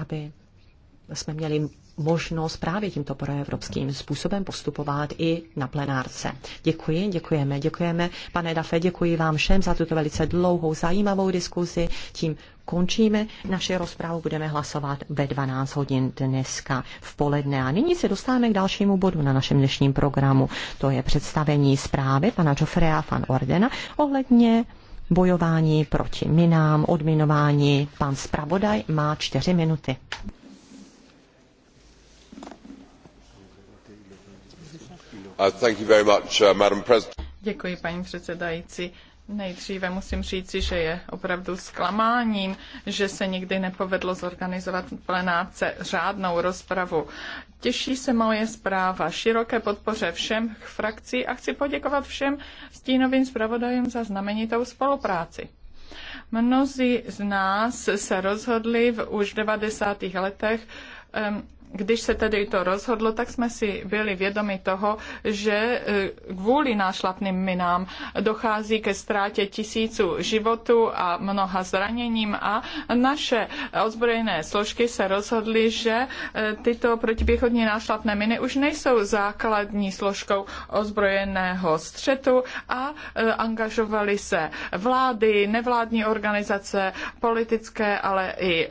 aby jsme měli možnost právě tímto proevropským způsobem postupovat i na plenárce. Děkuji, děkujeme, děkujeme. Pane Dafe, děkuji vám všem za tuto velice dlouhou, zajímavou diskuzi. Tím končíme naše rozprávu, budeme hlasovat ve 12 hodin dneska v poledne. A nyní se dostáváme k dalšímu bodu na našem dnešním programu. To je představení zprávy pana Joffrea van Ordena ohledně bojování proti minám, odminování. Pan zpravodaj má čtyři minuty. Uh, uh, Děkuji, paní předsedající. Nejdříve musím říci, že je opravdu zklamáním, že se nikdy nepovedlo zorganizovat plenáce plenárce řádnou rozpravu. Těší se moje zpráva široké podpoře všem frakcí a chci poděkovat všem stínovým zpravodajům za znamenitou spolupráci. Mnozí z nás se rozhodli v už 90. letech když se tedy to rozhodlo, tak jsme si byli vědomi toho, že e, kvůli nášlapným minám dochází ke ztrátě tisíců životů a mnoha zraněním a naše ozbrojené složky se rozhodly, že e, tyto protipěchotní nášlapné miny už nejsou základní složkou ozbrojeného střetu a e, angažovaly se vlády, nevládní organizace, politické, ale i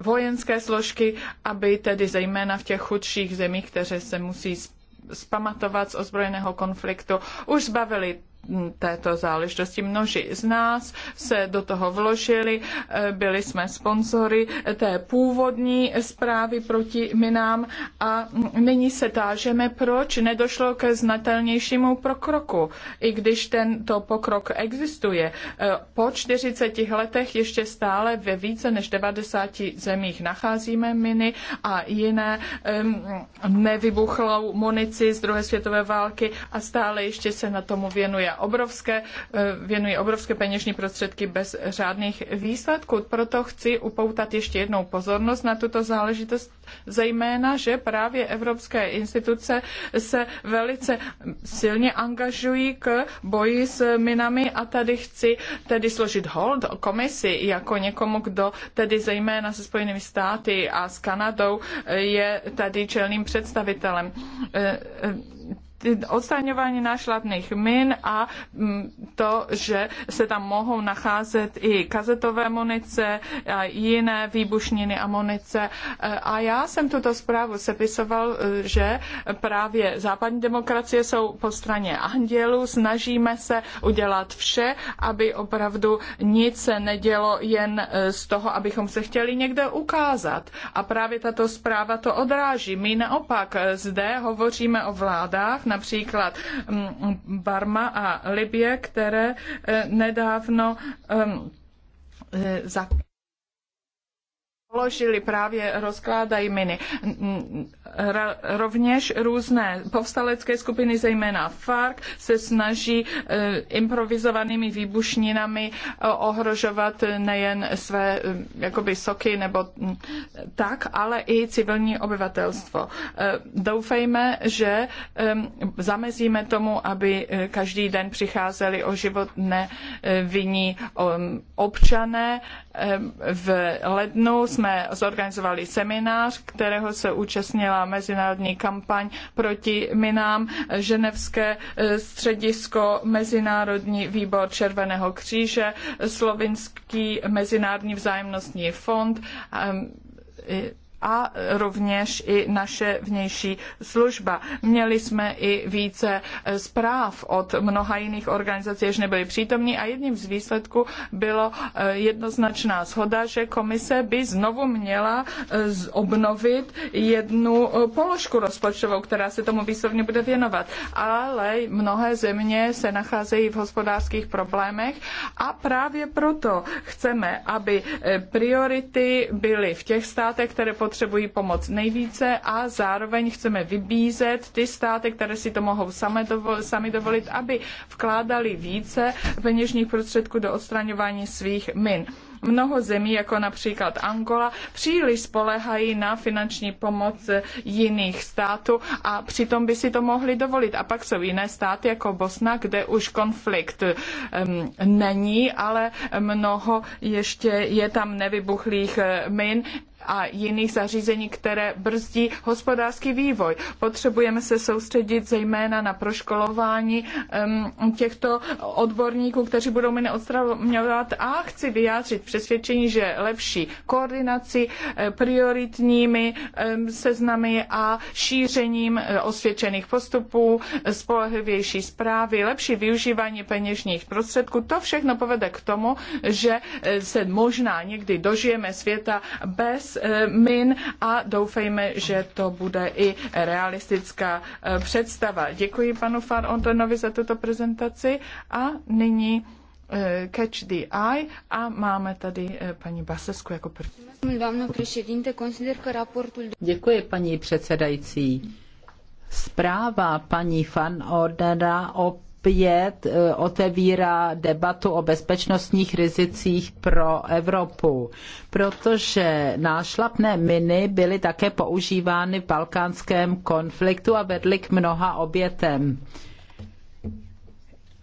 vojenské složky, aby tedy zejména v těch chudších zemích, které se musí spamatovat z ozbrojeného konfliktu, už zbavili této záležitosti. Množí z nás se do toho vložili, eh, byli jsme sponzory té původní zprávy proti minám a nyní se tážeme, proč nedošlo ke znatelnějšímu pokroku, i když tento pokrok existuje. Eh, po 40 letech ještě stále ve více než 90 zemích nacházíme miny a jiné nevybuchlou munici z druhé světové války a stále ještě se na tomu věnuje obrovské, eh, věnují obrovské peněžní prostředky bez řádných výsledků. Proto chci upoutat ještě jednou pozornost na tuto záležitost, zejména, že právě evropské instituce se velice silně angažují k boji s minami a tady chci tedy složit hold komisi jako někomu, kdo tedy zejména se Spojenými státy a s Kanadou eh, je tady čelným představitelem eh, odstraňování nášladných min a mm, to, že se tam mohou nacházet i kazetové munice a jiné výbušniny a munice. E, a já jsem tuto zprávu sepisoval, e, že právě západní demokracie jsou po straně andělů, snažíme se udělat vše, aby opravdu nic se nedělo jen e, z toho, abychom se chtěli někde ukázat. A právě tato zpráva to odráží. My naopak zde hovoříme o vládách, například mm, Barma a Libie, které eh, nedávno mm, eh, za položili právě rozkládají miny. Rovněž různé povstalecké skupiny, zejména FARC, se snaží e, improvizovanými výbušninami e, ohrožovat nejen své e, jakoby soky nebo mm, tak, ale i civilní obyvatelstvo. Doufejme, že zamezíme tomu, aby každý den přicházeli o život nevinní občané. V lednu jsme zorganizovali seminář, kterého se účastnila mezinárodní kampaň proti minám, Ženevské eh, středisko, Mezinárodní výbor Červeného kříže, Slovinský mezinárodní vzájemnostní fond, a rovněž i naše vnější služba. Měli jsme i více zpráv od mnoha jiných organizací, jež nebyly přítomní a jedním z výsledků bylo eh, jednoznačná shoda, že komise by znovu měla eh, obnovit jednu eh, položku rozpočtovou, která se tomu výslovně bude věnovat. Ale mnohé země se nacházejí v hospodářských problémech a právě proto chceme, aby priority byly v těch státech, které potřebují pomoc nejvíce a zároveň chceme vybízet ty státy, které si to mohou sami dovolit, aby vkládali více peněžních prostředků do odstraňování svých min mnoho zemí, jako například Angola, příliš spolehají na finanční pomoc jiných států a přitom by si to mohli dovolit. A pak jsou jiné státy, jako Bosna, kde už konflikt um, není, ale mnoho ještě je tam nevybuchlých eh, min a jiných zařízení, které brzdí hospodářský vývoj. Potřebujeme se soustředit zejména na proškolování těchto odborníků, kteří budou mě odstraňovat a chci vyjádřit přesvědčení, že lepší koordinaci eh, prioritními seznamy a šířením eh, osvědčených postupů, spolehlivější zprávy, lepší využívání peněžních prostředků, to všechno povede k tomu, že eh, se možná někdy dožijeme světa bez min a doufejme, že to bude i realistická eh, představa. Děkuji panu Fan Ontonovi za tuto prezentaci a nyní eh, Catch the Eye a máme tady eh, paní Basesku jako první. Děkuji paní předsedající. Zpráva paní Van Ordena o opět e, otevírá debatu o bezpečnostních rizicích pro Evropu, protože nášlapné miny byly také používány v balkánském konfliktu a vedly k mnoha obětem.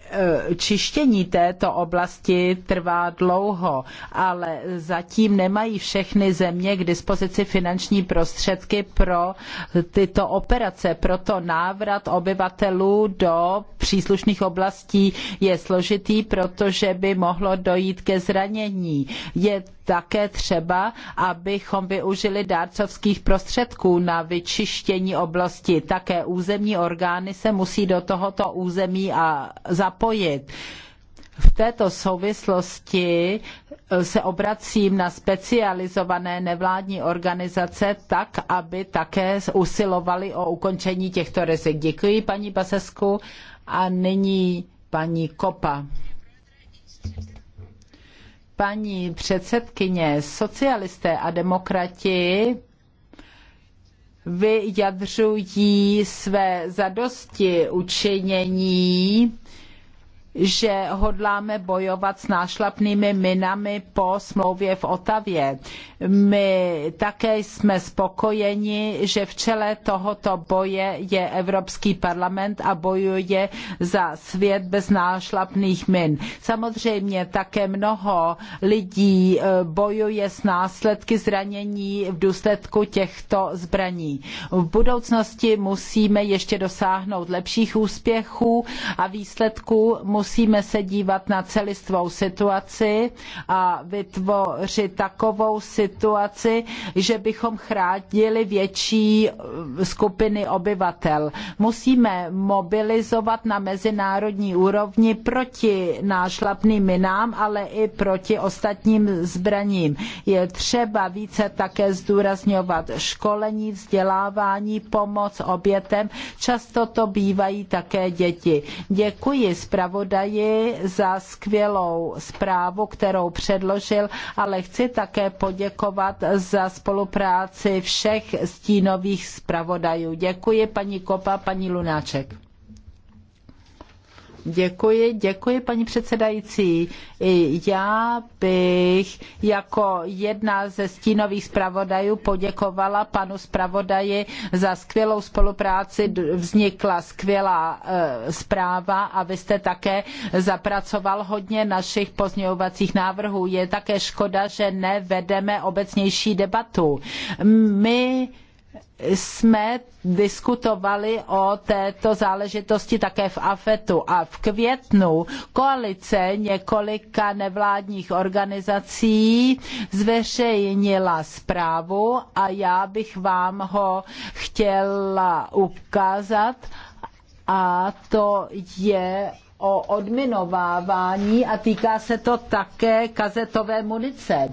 Eh, čištění této oblasti trvá dlouho, ale zatím nemají všechny země k dispozici finanční prostředky pro tyto operace. Proto návrat obyvatelů do příslušných oblastí je složitý, protože by mohlo dojít ke zranění. Je také třeba, abychom využili dárcovských prostředků na vyčištění oblasti. Také územní orgány se musí do tohoto území a zapojit. V této souvislosti eh, se obracím na specializované nevládní organizace tak, aby také usilovali o ukončení těchto rizik. Děkuji paní Basesku a nyní paní Kopa paní předsedkyně, socialisté a demokrati vyjadřují své zadosti učinění že hodláme bojovat s nášlapnými minami po smlouvě v Otavě. My také jsme spokojeni, že v čele tohoto boje je Evropský parlament a bojuje za svět bez nášlapných min. Samozřejmě také mnoho lidí eh, bojuje s následky zranění v důsledku těchto zbraní. V budoucnosti musíme ještě dosáhnout lepších úspěchů a výsledků musí musíme se dívat na celistvou situaci a vytvořit takovou situaci, že bychom chránili větší eh, skupiny obyvatel. Musíme mobilizovat na mezinárodní úrovni proti nášlapným minám, ale i proti ostatním zbraním. Je třeba více také zdůrazňovat školení, vzdělávání, pomoc obětem. Často to bývají také děti. Děkuji zpravodajce zpravodaji za skvělou zprávu, kterou předložil, ale chci také poděkovat za spolupráci všech stínových zpravodajů. Děkuji paní Kopa, paní Lunáček. Děkuji, děkuji paní předsedající. Já bych jako jedna ze stínových zpravodajů poděkovala panu zpravodaji za skvělou spolupráci. Vznikla skvělá e, zpráva a vy jste také zapracoval hodně našich pozměňovacích návrhů. Je také škoda, že nevedeme obecnější debatu. My jsme diskutovali o této záležitosti také v AFETu a v květnu koalice několika nevládních organizací zveřejnila zprávu a já bych vám ho chtěla ukázat a to je o odminovávání a týká se to také kazetové munice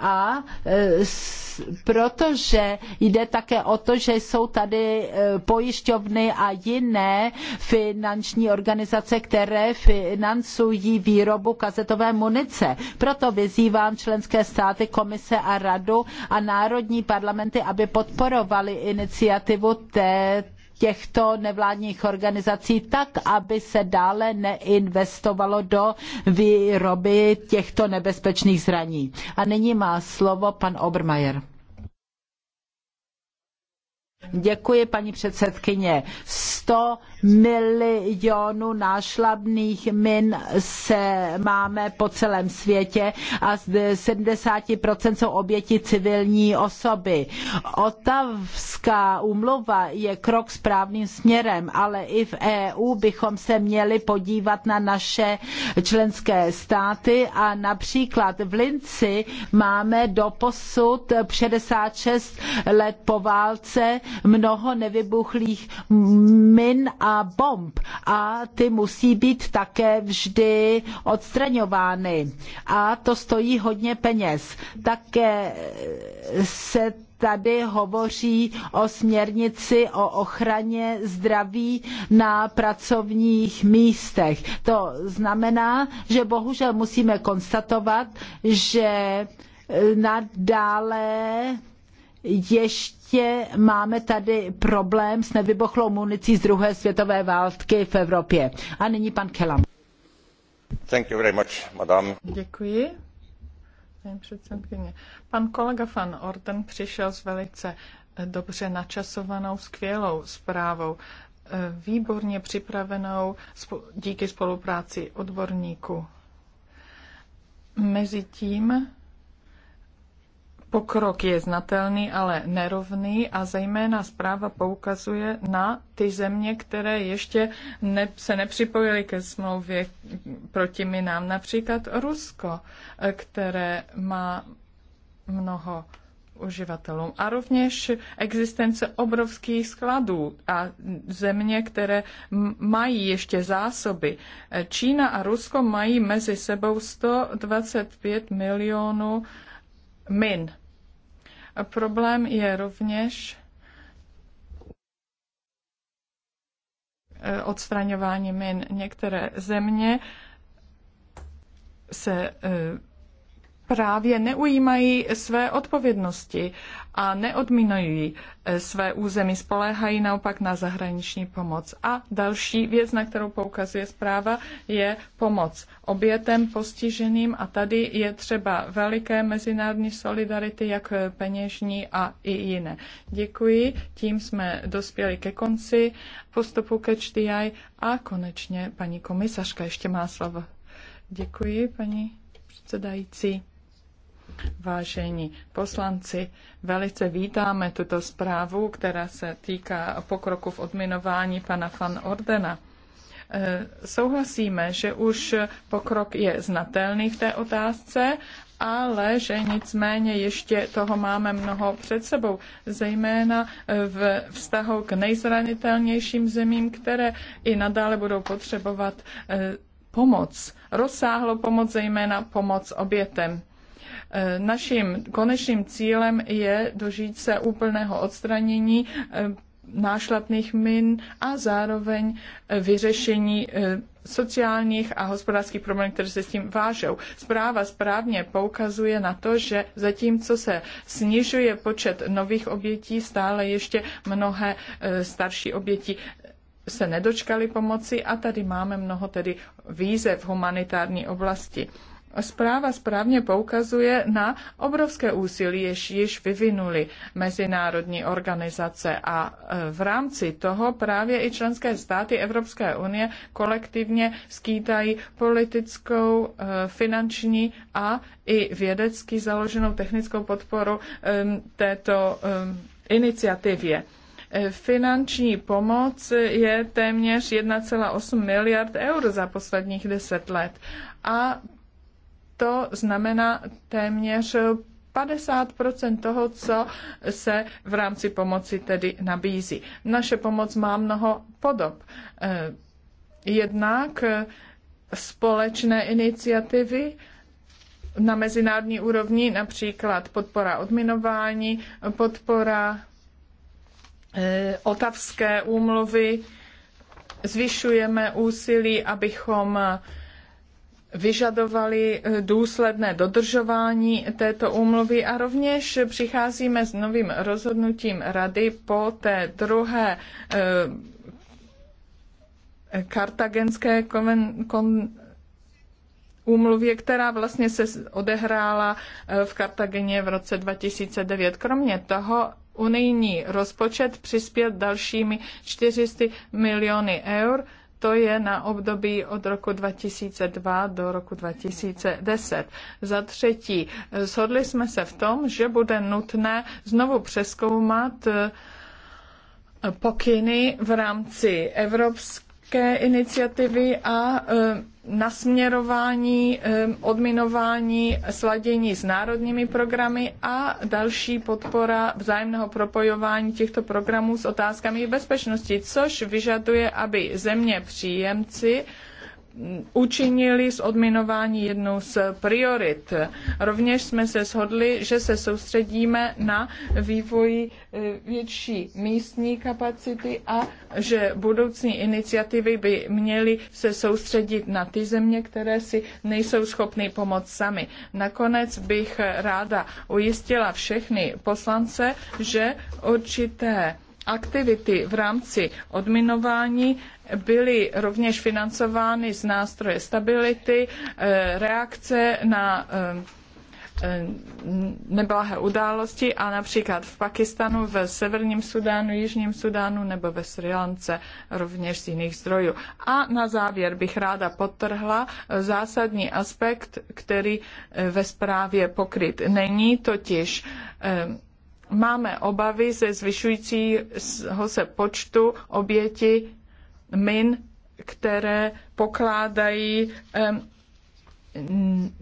a e, protože jde také o to, že jsou tady e, pojišťovny a jiné finanční organizace, které financují výrobu kazetové munice. Proto vyzývám členské státy, komise a radu a národní parlamenty, aby podporovali iniciativu této těchto nevládních organizací tak, aby se dále neinvestovalo do výroby těchto nebezpečných zraní. A nyní má slovo pan Obermajer. Děkuji, paní předsedkyně. 100 milionů nášlapných min se máme po celém světě a z 70% jsou oběti civilní osoby. Otavská úmluva je krok správným směrem, ale i v EU bychom se měli podívat na naše členské státy a například v Linci máme doposud 66 let po válce mnoho nevybuchlých min a bomb a ty musí být také vždy odstraňovány. A to stojí hodně peněz. Také se tady hovoří o směrnici o ochraně zdraví na pracovních místech. To znamená, že bohužel musíme konstatovat, že nadále ještě máme tady problém s nevybuchlou municí z druhé světové války v Evropě. A nyní pan Kelam. Thank you very much, madam. Děkuji. Pan kolega Van Orden přišel s velice eh, dobře načasovanou, skvělou zprávou, eh, výborně připravenou díky spolupráci odborníků. Mezitím Pokrok je znatelný, ale nerovný a zejména zpráva poukazuje na ty země, které ještě ne, se nepřipojily ke smlouvě proti minám, například Rusko, které má mnoho uživatelům. A rovněž existence obrovských skladů a země, které mají ještě zásoby. Čína a Rusko mají mezi sebou 125 milionů min. Problém je rovněž eh, odstraňování min. Některé země se eh, právě neujímají své odpovědnosti a neodminují eh, své území, spoléhají naopak na zahraniční pomoc. A další věc, na kterou poukazuje zpráva, je pomoc obětem postiženým a tady je třeba veliké mezinárodní solidarity, jak eh, peněžní a i jiné. Děkuji, tím jsme dospěli ke konci postupu ke HDI a konečně paní komisařka ještě má slovo. Děkuji, paní předsedající. Vážení poslanci, velice vítáme tuto zprávu, která se týká pokroku v odminování pana van Ordena. Eh, souhlasíme, že už pokrok je znatelný v té otázce, ale že nicméně ještě toho máme mnoho před sebou, zejména eh, v vztahu k nejzranitelnějším zemím, které i nadále budou potřebovat eh, pomoc, rozsáhlou pomoc, zejména pomoc obětem. Eh, naším konečným cílem je dožít se úplného odstranění eh, nášlapných min a zároveň eh, vyřešení sociálních a hospodářských problémů, které se s tím vážou. Zpráva správně poukazuje na to, že zatímco se snižuje počet nových obětí, stále ještě mnohé starší oběti se nedočkali pomoci a tady máme mnoho tedy výzev v humanitární oblasti. Zpráva správně poukazuje na obrovské úsilí, jež již vyvinuli mezinárodní organizace a e, v rámci toho právě i členské státy Evropské unie kolektivně skýtají politickou, e, finanční a i vědecky založenou technickou podporu e, této iniciativě. Finanční pomoc je téměř 1,8 miliard eur za posledních deset let a to znamená téměř 50 toho, co se v rámci pomoci tedy nabízí. Naše pomoc má mnoho podob. Eh, jednak eh, společné iniciativy, na mezinárodní úrovni, například podpora odminování, podpora eh, otavské úmluvy. Zvyšujeme úsilí, abychom vyžadovali eh, důsledné dodržování této úmluvy a rovněž přicházíme s novým rozhodnutím rady po té druhé eh, kartagenské konven, kon, úmluvě, která vlastně se odehrála eh, v Kartageně v roce 2009. Kromě toho unijní rozpočet přispěl dalšími 400 miliony eur to je na období od roku 2002 do roku 2010. Za třetí, shodli jsme se v tom, že bude nutné znovu přeskoumat eh, pokyny v rámci Evropské ekologické iniciativy a e, nasměrování, e, odminování, sladění s národními programy a další podpora vzájemného propojování těchto programů s otázkami bezpečnosti, což vyžaduje, aby země příjemci učinili z odminování jednou z priorit. Rovněž jsme se shodli, že se soustředíme na vývoj e, větší místní kapacity a že budoucí iniciativy by měly se soustředit na ty země, které si nejsou schopny pomoct sami. Nakonec bych ráda ujistila všechny poslance, že určité aktivity v rámci odminování byly rovněž financovány z nástroje stability, eh, reakce na eh, eh, neblahé události a například v Pakistanu, v Severním Sudánu, Jižním Sudánu nebo ve Sri Lance rovněž z jiných zdrojů. A na závěr bych ráda podtrhla zásadní aspekt, který ve zprávě pokryt není, totiž Máme obavy ze zvyšujícího se počtu oběti min, které pokládají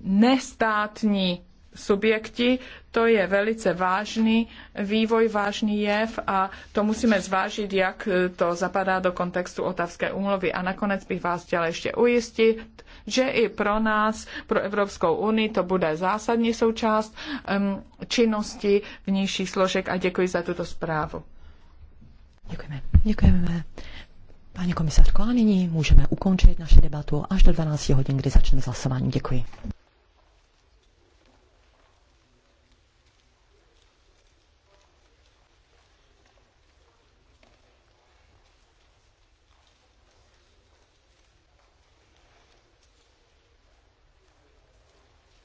nestátní subjekti. To je velice vážný vývoj, vážný jev a to musíme zvážit, jak to zapadá do kontextu Otavské úmluvy. A nakonec bych vás chtěla ještě ujistit, že i pro nás, pro Evropskou unii, to bude zásadní součást um, činnosti vnějších složek a děkuji za tuto zprávu. Děkujeme. Děkujeme. Paní komisařko, a nyní můžeme ukončit naši debatu až do 12 hodin, kdy začneme hlasování. Děkuji.